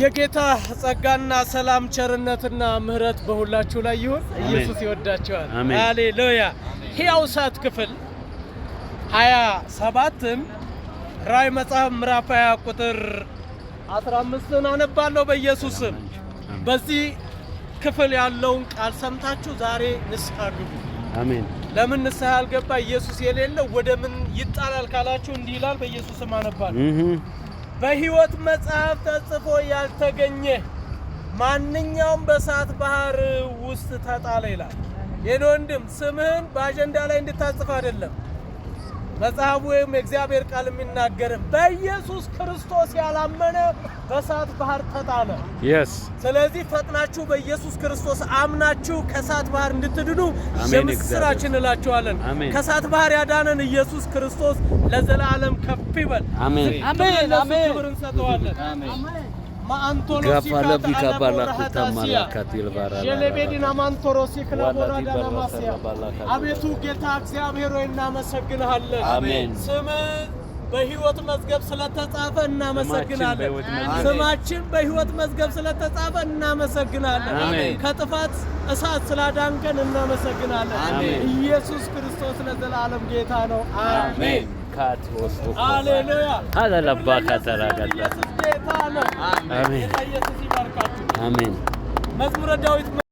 የጌታ ጸጋና ሰላም ቸርነትና ምሕረት በሁላችሁ ላይ ይሁን። ኢየሱስ ይወዳቸዋል። ሃሌሉያ። ሕያው ሰዓት ክፍል 27 ራይ ራእይ መጽሐፍ ምዕራፍ 20 ቁጥር 15ን አነባለሁ በኢየሱስም። በዚህ ክፍል ያለውን ቃል ሰምታችሁ ዛሬ ንስሐ ግቡ። አሜን። ለምን ንስሐ ያልገባ ኢየሱስ የሌለው ወደ ምን ይጣላል ካላችሁ እንዲህ ይላል። በኢየሱስም አነባለሁ በሕይወት መጽሐፍ ተጽፎ ያልተገኘ ማንኛውም በእሳት ባህር ውስጥ ተጣለ ይላል። የኔ ወንድም ስምህን በአጀንዳ ላይ እንድታጽፍ አይደለም። መጽሐፉ ወይም የእግዚአብሔር ቃል የሚናገር በኢየሱስ ክርስቶስ ያላመነ በእሳት ባህር ተጣለ። የስ ስለዚህ ፈጥናችሁ በኢየሱስ ክርስቶስ አምናችሁ ከእሳት ባህር እንድትድኑ የምስራችን እንላችኋለን። ከእሳት ባህር ያዳነን ኢየሱስ ክርስቶስ ለዘላለም ከፍ ይበል። አሜን። ክብር እንሰጠዋለን። Gafala bikabala kutamala katil ባራ የለቤዲና ማንቶሮሲ ክለቦራዳ ለማስያ አቤቱ ጌታ እግዚአብሔር ሆይ እናመሰግንሃለን። አሜን ስም በህይወት መዝገብ ስለተጻፈ እናመሰግናለን። ስማችን በህይወት መዝገብ ስለተጻፈ እናመሰግናለን። ከጥፋት እሳት ስላዳንከን እናመሰግናለን። ኢየሱስ ክርስቶስ ለዘላለም ጌታ ነው። አሜን። አሌሉያ። አለባ ከተራቀለ ኢየሱስ ጌታ ነው። አሜን። ኢየሱስ ይባርካችሁ። አሜን። መዝሙረ ዳዊት